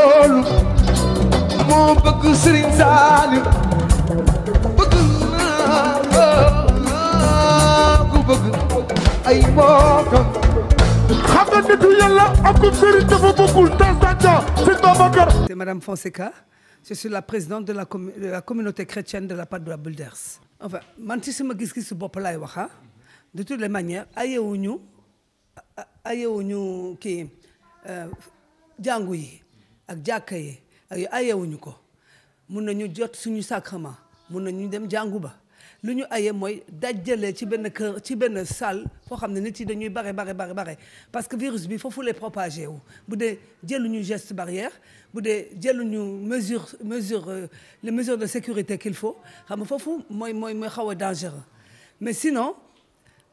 loolu moo bëgg Serigne Saliou bëgg naa ko bëgg ay mbokkam xam nga nitu yalla ak Serigne dafa bëggul tasanja ci Babacar c'est Madame Fonseca je suis la présidente de la com de la communauté chrétienne de la Padoa Builders enfin man ci sama gis su bop lay wax de toutes les manières ayewuñu ayewuñu ki euh jàngu yi ak jàkka ay ak yu ayewuñu ko mun nañu jot suñu sacrement mun nañu dem janguba luñu ayé moy aye dajale ci ben kër ci ben salle fo xamné ne nit yi dañuy bare bare bare bare parce que virus bi fofu lay propagé wu bu jëluñu geste barrière budé dee jëluñu mesure mesure euh, les mesures de sécurité qu'il faut xam fofu moy moy moy xawa dangereux mais sinon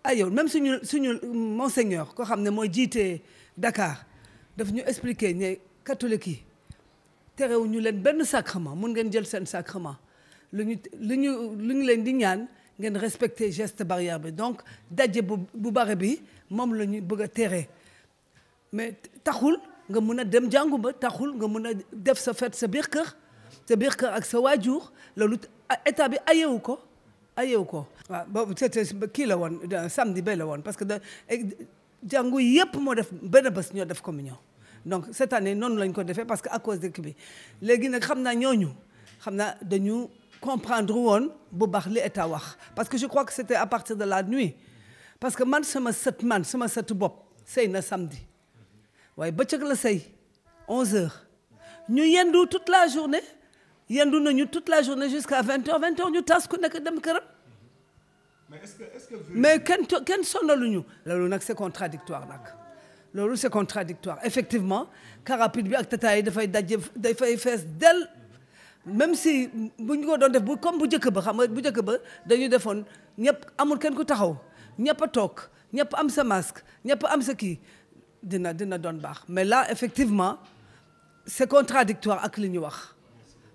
ayow même suñu suñu monseigneur ko xamné moy jité Dakar daf ñu expliquer ne catholique yi téréw ñu leen benn sacrement mun ngeen jël seen sacrement lu ñu lu leen di ñaan ngeen respecter geste barrière bi donc daje bu bu bare bi moom la ñu bëgg a mais taxul nga mun a dem jàngu taxul nga mun a def sa fête sa biir kër sa biir kër ak sa waajur loolu état bi ayewu ko ayewu ko. waaw boobu c'était kii la woon samedi ba la woon parce que da jàngu yëpp moo def benn bés ñoo def communion donc cette année nous l'avons ko fait parce qu'à à cause de Kibé. nous nag xam comprendre où bu parce que je crois que c'était à partir de la nuit parce que man sama sët man sama sept bopp c'est un samedi waaye bëccëg le sëy 11h Nous sommes toute la journée Nous sommes toute la journée jusqu'à 20h 20h nous tas mais est-ce que est-ce mais kenn kenn sonnaluñu loolu c'est contradictoire loolu c'est contradictoire effectivement car rapide bi ak tata yi dafay daje dafay fees del même si bu ñu ko doon def bu comme bu njëkk ba xam nga bu njëkk ba dañu defoon ñëpp amul kenn ku taxaw ñëpp a toog am sa masque ñëpp am sa qui, dina dina doon baax mais là effectivement c'est contradictoire ak li ñu wax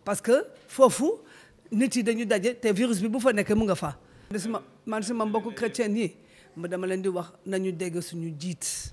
parce que foofu nit yi dañu daje te virus bi bu fa nekkee mu nga fa man suma mbokku chrétien yi mu dama leen di wax nañu dégg suñu jiit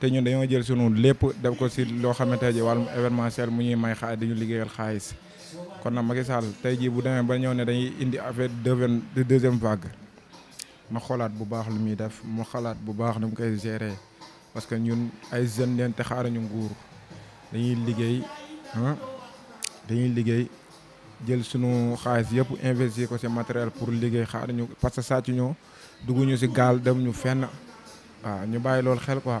té ñun dañoo jël sunu lépp def ko si loo xamante ji wàllum événementiel mu ñuy may xaalis dañu liggéeyal xaalis kon nag Macky Sall tey jii bu demee ba ñëw ne dañuy indi affaire de deuxième vague na xoolaat bu baax lu muy def mu xalaat bu baax nu mu koy géré parce que ñun ay jeunes leen te xaaruñu nguur dañuy liggéey ah, dañuy liggéey jël sunu xaalis yëpp investir ko si matériel pour liggéey xaaruñu parce que sàcc ñoo dugg ñu si gaal dem ñu fenn waaw ñu bàyyi loolu xel quoi.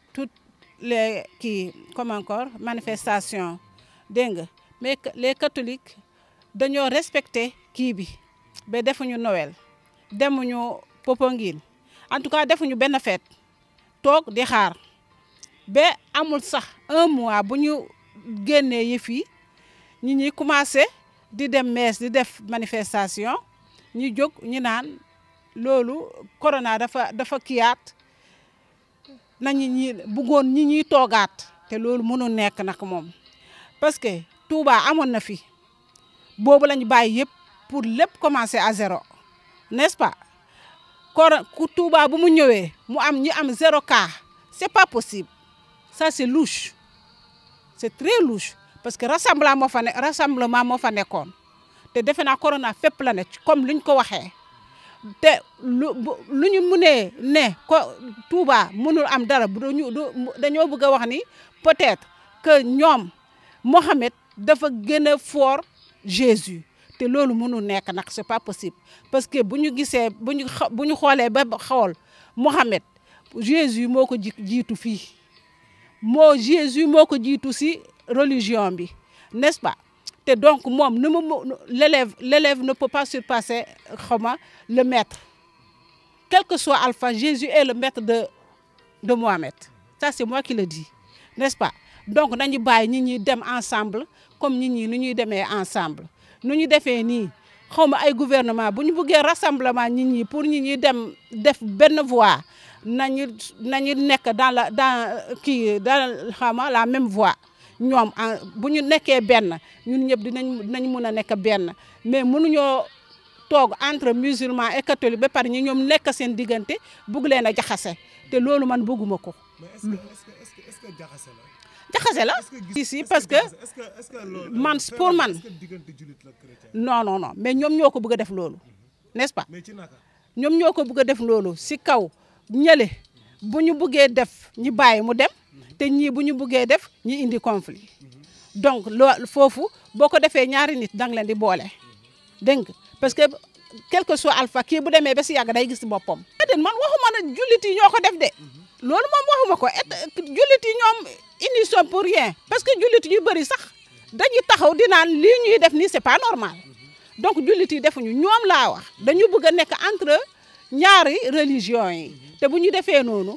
le kii comme encore manifestation dégg nga mais les catholiques dañoo respecté kii bi ba defuñu Noël demuñu Popenguine en tout cas defuñu benn fête toog di xaar ba amul sax un mois bu ñu génnee yëf yi ñi ñuy commencé di dem mees di def manifestation ñu jóg ñu naan loolu corona dafa dafa kiyaat nañu ñi bëggoon ñi ñuy toogaat te loolu mënul nekk nag moom parce que Touba amoon na fi boobu lañu bàyyi yëpp pour lépp commencer à zéro n'est-ce pas kon ku Touba bu mu ñëwee mu am ñi am zéro cas c'est pas possible ça c'est louche c'est très louche parce que rassemblement moo fa ne moo fa nekkoon te defe naa corona fépp la ne comme liñ ko waxee te lu lu ñu munee ne ko Touba mënul am dara duñu dañoo bëgg a wax ni peut-être que ñoom Mohamed dafa gën a fort Jésus te loolu mënul nekk nag c'est pas possible parce que bu ñu gisee bu ñu bu ñu xoolee ba xool Mohamed Jésus moo ko jiitu fii moo Jésus moo ko jiitu si religion bi n'est-ce pas Et donc l'élève ne peut pas surpasser le maître quel que soit Alpha Jésus est le maître de de Mohamed ça c'est moi qui le dis n'est-ce pas donc nous ñi dem ensemble comme nous, ñi nu ensemble Nous ñu defee Nous xaw gouvernement si nous rassemblement nous pour ñi dem def voie nous nañu nek dans la dans dans la même voie ñoom ah, bu ñu nekkee benn ñun ñëpp dinañ dinañ mun a nekk benn mais mënuñoo toog entre musulman et catholique ba pare ñi ñoom nekk seen diggante bugg leen a jaxase te loolu man bugguma ko. mais est-ce que jaxase la. jaxase la si parce que man pour man non non non mais ñoom ñoo ko bëgg a def loolu mhm. n'est-ce pas ñoom ñoo ko bëgg a def loolu si kaw ñële bu ñu buggee def ñu bàyyi mu dem te ñii bu ñu buggee def ñi indi conflit donc loo foofu boo ko defee ñaari nit danga leen di boole dégg nga parce que quel que soit alpha kii bu demee ba si yàgg day gis boppam. déedéet man waxuma ne jullit yi ñoo ko def de loolu moom ko et jullit yi ñoom ils n'y pour rien parce que jullit yu bëri sax dañuy taxaw di naan lii ñuy def nii c'est pas normal donc jullit yi defuñu ñoom laa wax dañu bëgg a nekk entre ñaari religion yi te bu ñu defee noonu.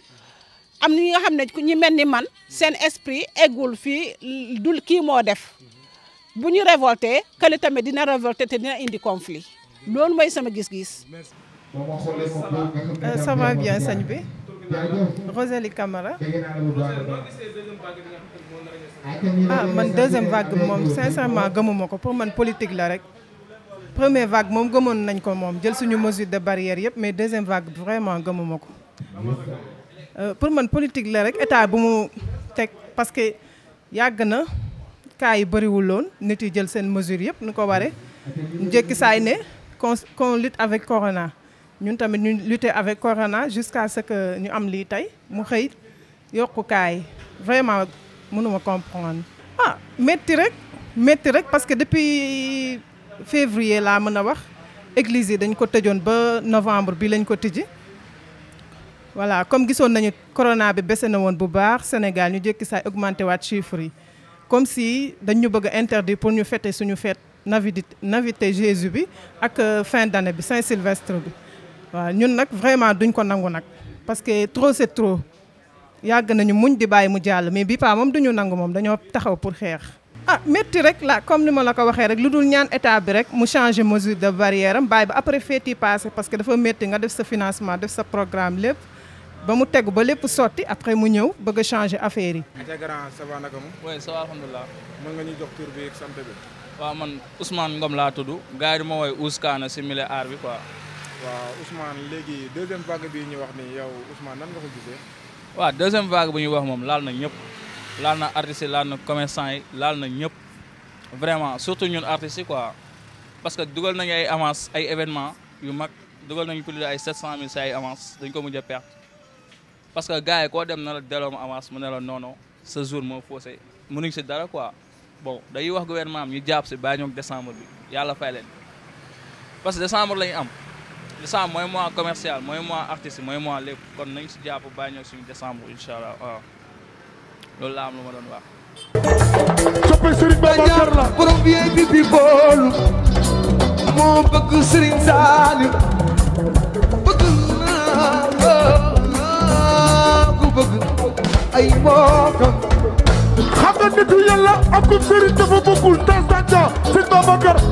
am na nga xam ne ñu mel ni man seen esprit eggul fii dul kii moo def bu ñu révolté kële tamit dina révolté te dina indi conflit loolu mooy sama gis-gis. Euh, ça va bien sëñ bi. Rosalie Camara ah man deuxième vague moom sincèrement gëmuma ko pour man politique la rek première vague moom gëmoon nañ ko moom jël suñu mesure de barrière yëpp mais deuxième vague vraiment gëmuma ko. Euh, pour mon politique la rek état bu mu parce que yàgg na cas yi bëriwul loon nit yi jël seen mesure yep nu waré waree say né qu'on lutte avec corona ñun tamit ñu lutter avec corona jusqu'à ce que ñu am li tay mu xey yokku kay vraiment mënuma comprendre ah metti rek metti rek parce que depuis février la mëna wax église dañ ko tëjoon ba novembre bi lañ ko tijji voilà comme gisoon nañu corona bi bese na woon bu baax Sénégal ñu jékki saay augmenté waat chiffres yi comme si dañ ñu bëgg interdire pour ñu fêter suñu fête navité navité Jésus bi ak euh, fin d'année bi Saint-Sylvestre bi waaw ñun nag vraiment duñ ko nangu nag parce que trop c'est trop yàgg nañu muñ di bàyyi mu jàll mais bi paa moom duñu nangu moom dañoo taxaw pour xeex. ah métti rek la comme ni ma la ko waxee rek lu ñaan état bi rek mu changer mesure de barrière am bàyyi ba après fête passé parce que dafa metti nga def sa financement def sa programme lepp ba mu tegu ba lépp sotti après mu ñëw bëgg changer affaire yi. Adja Grand ça va naka mu. oui ça va alhamdulilah. mën nga ñu jox tur bi ak sant bi. waaw man Ousmane Ngom laa tudd gars yi ma woowee Ouz si milieu art bi quoi. waaw Ousmane léegi deuxième vague bi ñu wax ni yow Ousmane nan nga ko gisee. waaw deuxième vague bu ñuy wax moom laal na ñëpp laal na artiste, yi laal na commerçant yi laal na ñëpp vraiment surtout ñun artiste yi quoi parce que dugal nañu ay avance ay événement. yu mag dugal nañu plus de ay 700000 si ay avance dañ ko mujj a perte. parce que gars yi koo dem na la delloo ma mu ne la non non ce jour moo faussé mënuñ si dara quoi bon wax gouvernement am ñu jàpp si bàyyi ñoom décembre bi yàlla fay parce que décembre la am décembre mooy mois commercial mooy mois artiste mooy mois lépp kon nañ si jàpp bàyyi ñoom suñu décembre incha loolu la lu ma doon wax. soppe Serigne Babacar ay mbokkam xam nga nitu yàlla ak ko sëriñ dafa bokkul tas daca sëñ Babacar